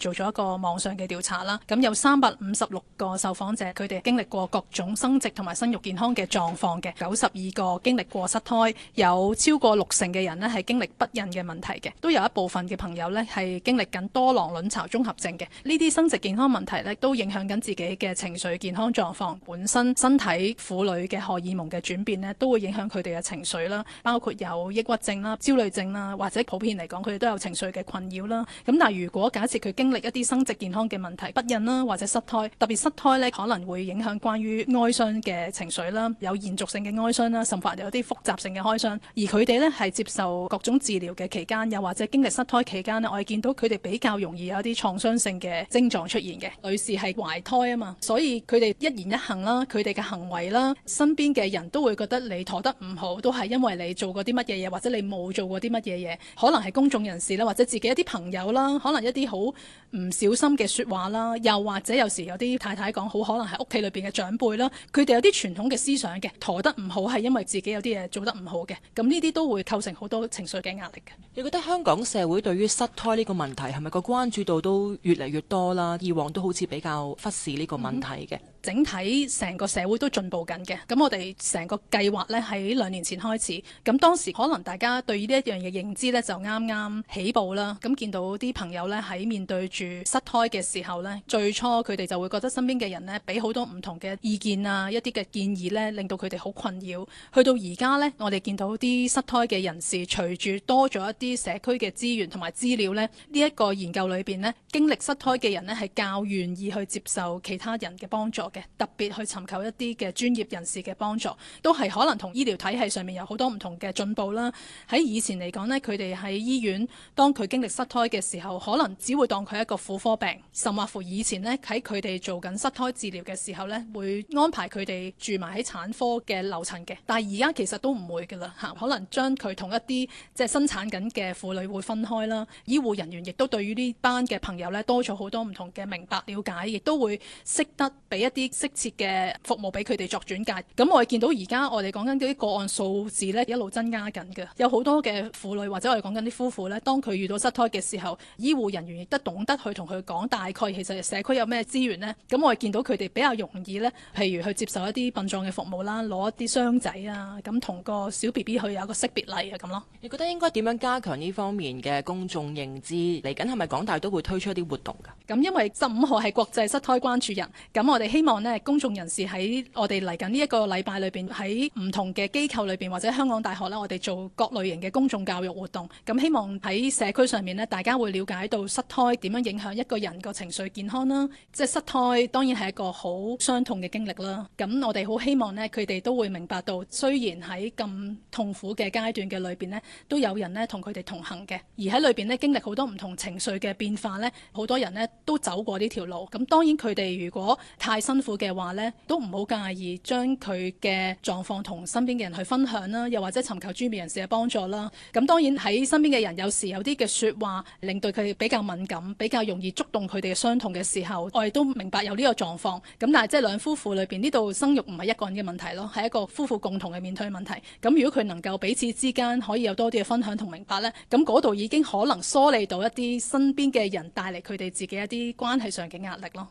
做咗一個網上嘅調查啦，咁有三百五十六個受訪者，佢哋經歷過各種生殖同埋生育健康嘅狀況嘅，九十二個經歷過失胎，有超過六成嘅人呢係經歷不孕嘅問題嘅，都有一部分嘅朋友呢係經歷緊多囊卵巢綜合症嘅。呢啲生殖健康問題呢都影響緊自己嘅情緒健康狀況，本身身體婦女嘅荷爾蒙嘅轉變呢都會影響佢哋嘅情緒啦，包括有抑鬱症啦、焦慮症啦，或者普遍嚟講佢哋都有情緒嘅困擾啦。咁但係如果假設佢經經歷一啲生殖健康嘅問題，不孕啦或者失胎，特別失胎咧，可能會影響關於哀傷嘅情緒啦，有延續性嘅哀傷啦，甚至有啲複雜性嘅哀傷。而佢哋咧係接受各種治療嘅期間，又或者經歷失胎期間呢，我哋見到佢哋比較容易有啲創傷性嘅症狀出現嘅。女士係懷胎啊嘛，所以佢哋一言一行啦，佢哋嘅行為啦，身邊嘅人都會覺得你妥得唔好，都係因為你做過啲乜嘢嘢，或者你冇做過啲乜嘢嘢。可能係公眾人士啦，或者自己一啲朋友啦，可能一啲好，唔小心嘅説話啦，又或者有時有啲太太講好可能係屋企裏邊嘅長輩啦，佢哋有啲傳統嘅思想嘅，陀得唔好係因為自己有啲嘢做得唔好嘅，咁呢啲都會構成好多情緒嘅壓力嘅。你覺得香港社會對於失胎呢個問題係咪個關注度都越嚟越多啦？以往都好似比較忽視呢個問題嘅、嗯。整體成個社會都進步緊嘅，咁我哋成個計劃呢，喺兩年前開始，咁當時可能大家對呢一樣嘢認知呢，就啱啱起步啦，咁見到啲朋友呢，喺面對。住失胎嘅時候咧，最初佢哋就會覺得身邊嘅人咧，俾好多唔同嘅意見啊，一啲嘅建議咧，令到佢哋好困擾。去到而家咧，我哋見到啲失胎嘅人士，隨住多咗一啲社區嘅資源同埋資料咧，呢一個研究裏邊咧，經歷失胎嘅人咧，係較願意去接受其他人嘅幫助嘅，特別去尋求一啲嘅專業人士嘅幫助，都係可能同醫療體系上面有好多唔同嘅進步啦。喺以前嚟講咧，佢哋喺醫院當佢經歷失胎嘅時候，可能只會當佢一個個婦科病，甚或乎以前呢，喺佢哋做緊失胎治療嘅時候呢，會安排佢哋住埋喺產科嘅樓層嘅。但係而家其實都唔會噶啦吓，可能將佢同一啲即係生產緊嘅婦女會分開啦。醫護人員亦都對於呢班嘅朋友呢，多咗好多唔同嘅明白了解，亦都會識得俾一啲適切嘅服務俾佢哋作轉介。咁我哋見到而家我哋講緊啲個案數字呢，一路增加緊噶，有好多嘅婦女或者我哋講緊啲夫婦呢，當佢遇到失胎嘅時候，醫護人員亦都懂得。去同佢講，大概其實社區有咩資源咧，咁我哋見到佢哋比較容易咧，譬如去接受一啲殯葬嘅服務啦，攞一啲箱仔啊，咁同個小 B B 去有一個識別例啊，咁咯。你覺得應該點樣加強呢方面嘅公眾認知？嚟緊係咪港大都會推出一啲活動噶，咁因為十五號係國際失胎關注日，咁我哋希望咧公眾人士喺我哋嚟緊呢一個禮拜裏邊喺唔同嘅機構裏邊或者香港大學啦，我哋做各類型嘅公眾教育活動，咁希望喺社區上面咧，大家會了解到失胎點樣。影響一個人個情緒健康啦，即係失胎當然係一個好傷痛嘅經歷啦。咁我哋好希望咧，佢哋都會明白到，雖然喺咁痛苦嘅階段嘅裏邊咧，都有人咧同佢哋同行嘅，而喺裏邊咧經歷好多唔同情緒嘅變化咧，好多人咧都走過呢條路。咁當然佢哋如果太辛苦嘅話咧，都唔好介意將佢嘅狀況同身邊嘅人去分享啦，又或者尋求專業人士嘅幫助啦。咁當然喺身邊嘅人有時有啲嘅説話，令到佢比較敏感，比較。容易觸動佢哋嘅傷痛嘅時候，我哋都明白有呢個狀況。咁但係即係兩夫婦裏邊呢度生育唔係一個人嘅問題咯，係一個夫婦共同嘅面對問題。咁如果佢能夠彼此之間可以有多啲嘅分享同明白呢，咁嗰度已經可能梳理到一啲身邊嘅人帶嚟佢哋自己一啲關係上嘅壓力咯。